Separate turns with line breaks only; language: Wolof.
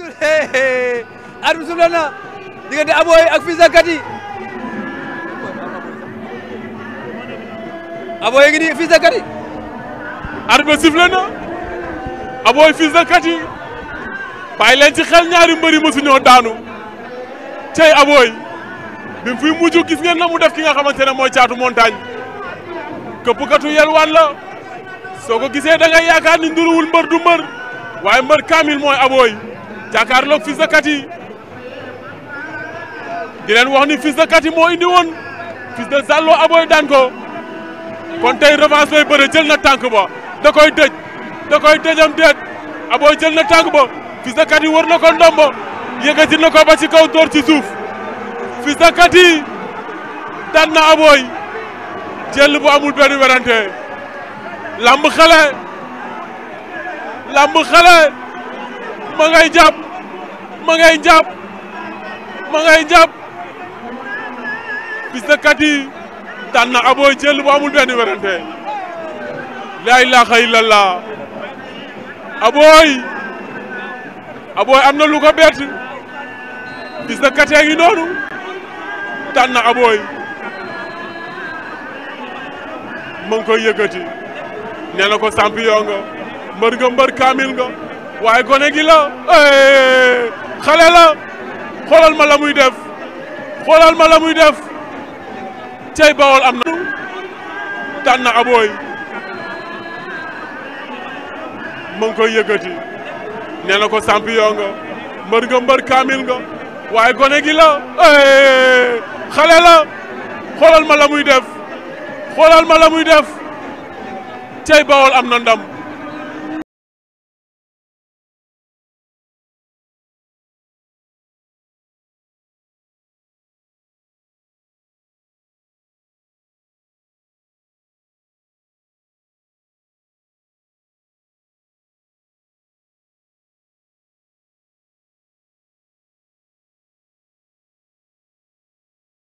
suuf at bi suuf la na diggante Aboy ak Fils de Katy
Aboy ngi nii Fils de Katy. na Aboy Fils de Katy ci xel ñaari mbëri mësu ñoo daanu cey Aboy bi mu fi mujj gis ngeen mu def ki nga xamante ne mooy caatu montagne këppkatu yelwaan la soo ko gisee da ngay yaakaar ni nduruwul mbër du mbër waaye mbër kaamil mooy Aboy. jàkkaarloog Fils de Katy di leen ni Fils de moo indi woon Fils de Zallo Aboy daan ko kon tey revanche bay jël na tànk ba da koy dëj da koy dëjam déet Aboy jël na tànk ba Fils de wër na ko ndombo yëkkati na ko ba ci kaw ci suuf Fils de Katy na Aboy jël bu amul benn werante lamb xale lamb xale ma ngay jàpp ma ngay jàpp ma ngay jàpp Fils de Katy daan na Aboy jël bu amul benn werante laa ilaaha am na lu ko bett Fils de Katy a ngi noonu daan na Aboy ma ngi koy yëkkati nee na ko champion mbër nga mbër kaamil nga waaye gone gi la xale la xoolal ma la muy def xoolal ma la muy def cey bawol am na tànn na abooy mu koy yëkkati nee na ko champion nga mbër nga mbër kaamil nga waaye gone gi la xale xoolal ma la muy def xoolal ma la muy def cey bawol am na
ndam